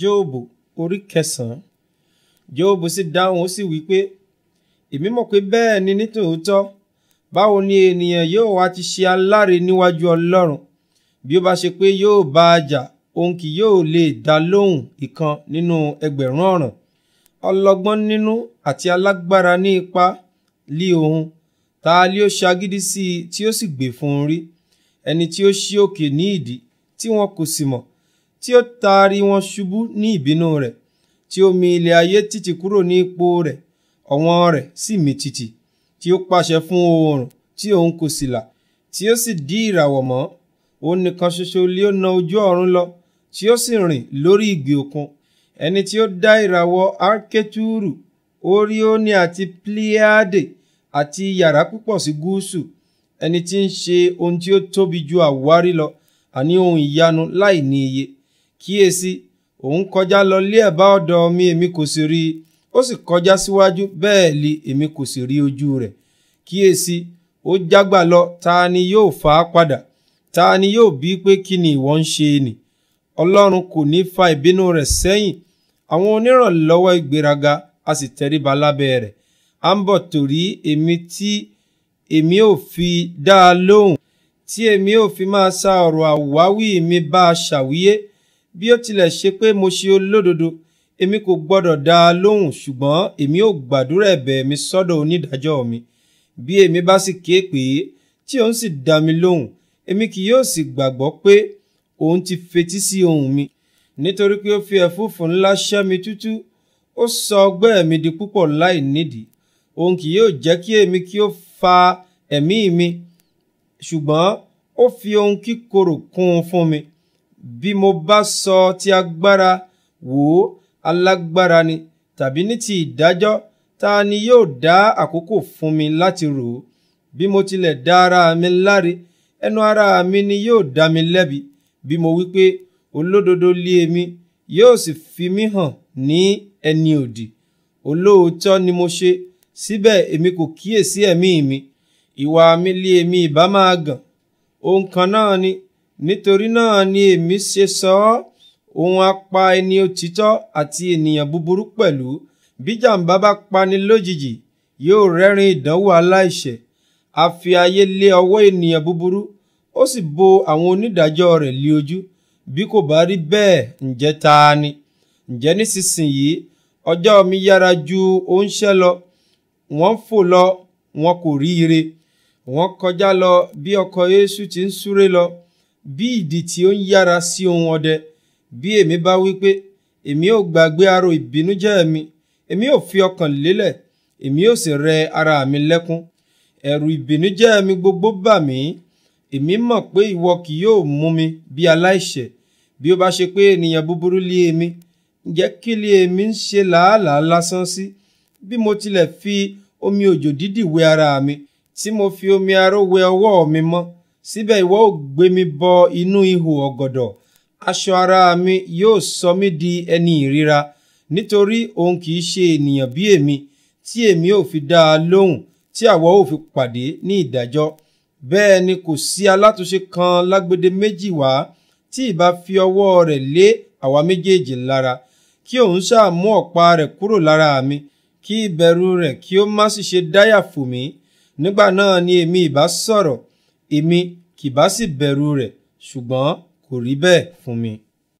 Jóòbù orí kẹsàn-án Jóòbù sì dáhùn ó sì wí pé èmi mọ̀ pé bẹ́ẹ̀ ni nítòótọ́ báwo ni ènìyàn yóò wá ti ṣe aláre níwájú Ọlọ́run bí ó bá ṣe pé yóò bá a jà òun kì yóò lè dá lóhùn ìkan nínú ẹgbẹ̀rún ọ̀ràn ọlọ́gbọ́n nínú àti alágbára ní ipa lí òun ta lí ó ṣagídí sí i tí ó sì gbè fún un rí ẹni tí ó ṣí òkè ní ìdí tí wọn kò sì mọ̀ tí ó taari wọn ṣubú ní ìbínú rẹ̀ tí ó mì ilẹ̀ ayé títí kúrò ní ipò rẹ̀ ọ̀wọ́n rẹ̀ sì mì tìtì tí ó pàṣẹ fún oòrùn tí òun kò sì là tí ó sì dí ìràwọ̀ mọ́ òun nìkan ṣoṣo lé ó na ojú ọ̀run lọ tí ó sì rìn lórí ìgbì òkun ẹni tí ó dá ìràwọ̀ arketúrù orioni àti pleiade àti yàrá púpọ̀ sí gúúsù ẹni tí ń ṣe ohun tí ó tóbi ju àwárí lọ àní ohun ìyanu láì ní iye kíyèsí òun kọjá lọ lé ẹ̀bá ọ̀dọ̀ mi èmi kò sì rí i ó sì kọjá síwájú bẹ́ẹ̀ li èmi kò sì rí ojú rẹ̀ kíyèsí ó jágbà lọ ta ni yóò fà á padà ta ni yóò bi pé kí ni ìwọ ń ṣe nì ọlọ́run kò ní fa ìbínú rẹ̀ sẹ́yìn àwọn onírànlọ́wọ́ ìgbéraga a sì tẹríba lábẹ́ rẹ̀ à ń bọ̀ torí èmi tí èmi ò fi dá a lóhùn tí èmi ò fi máa sa ọ̀rọ̀ àwáwí mi bá a ṣàwíyé bí ó tilẹ̀ ṣe pé mo ṣe olódodo èmi kò gbọ́dọ̀ dá a lóhùn ṣùgbọ́n èmi ò gbàdúrà ẹ̀bẹ̀ mi sọ́dọ̀ onídàájọ́ mi bí èmi bá sì ké pè é tí òun sì dá mi lóhùn èmi kì yóò sì gbàgbọ́ pé òun ti fetí sí ohùn mi nítorí pé ó fi ẹ̀fúùfù ńlá ṣẹ́ mi tútú ó sọ ọgbẹ́ mi di púpọ̀ láì nídìí òun kì yóò jẹ́ kí èmi kí ó fa ẹ̀mí mi ṣùgbọ́n ó fi ohun kíkorò kún un fún mi bí mo bá sọ ti agbára wò ó alágbára ni tàbí ní ti ìdájọ́ ta ni yóò dá àkókò fún mi láti rò ó bí mo tilẹ̀ dá ara mi láre ẹnu ara mi ni yóò dá mi lẹ́bi bí mo wí pé olódodo lé èmi yóò sì fi mí hàn ní ẹni òdì olóòótọ́ ni mo ṣe síbẹ̀ èmi kò kíyèsí ẹ̀mí mi ìwà mi lé èmi ìbá máa gàn ohun kan náà ni nítorí náà ni èmi ṣe sọ ọ́ òun á pa ẹni òtítọ́ àti ènìyàn búburú pẹ̀lú bí jàǹbá bá pani lójijì yóò rẹ́rìn ìdánwò aláìṣẹ̀ a fi ayé lé ọwọ́ ènìyàn búburú ó sì bo àwọn onídàájọ́ rẹ̀ lé ojú bí kò bá rí bẹ́ẹ̀ ǹjẹ́ ta ni ǹjẹ́ nísinsìnyí ọjọ́ mi yára ju oúnṣẹ́ lọ wọ́n fò lọ wọn kò rí wọ́n kọjá lọ bí ọkọ̀ Yésù ti ń súré lọ bí idì tí ó ń yára sí ohun ọdẹ bí èmi bá wí èmi ò gbàgbé arò ìbìnújẹ́ mi èmi ò fi ọkàn lélẹ̀ èmi ò sì rẹ ara mi lẹ́kún ẹ̀rù ìbìnújẹ́ mi gbogbo bà mí èmi mọ̀ pé ìwọ kì yóò mú mi bí aláìṣẹ̀ bí ó bá ṣe pé ènìyàn búburú lé èmi ǹjẹ́ kí lé èmi ń ṣe làálàá lásán sí bí mo tilẹ̀ fi omi òjò dídì wẹ ara mi tí mo fi omi aró wẹ ọwọ́ mi mọ́ síbẹ̀ ìwọ ò gbé mi bọ inú ihò ọ̀gọ̀dọ̀ aṣọ ara mi yóò sọ mí di ẹni ìríra nítorí òun kì í ṣe ènìyàn bí èmi tí èmi ò fi dá a lóhùn tí àwa ò fi pàdé ní ìdájọ́ bẹ́ẹ̀ ni kò sí alátúnṣe kan lágbede méjì wá tí ìbá fi ọwọ́ rẹ̀ lé àwa méjèèjì lára kí òun ṣáà mú ọ̀pá rẹ̀ kúrò lára mi kí ìbẹ̀rù rẹ̀ kí ó má sì ṣe dáyà fò mí nígbà náà ni èmi ìbá sọ̀rọ̀ èmi kì bá sì bẹ̀rù rẹ̀ ṣùgbọ́n kò rí bẹ́ẹ̀ fún mi.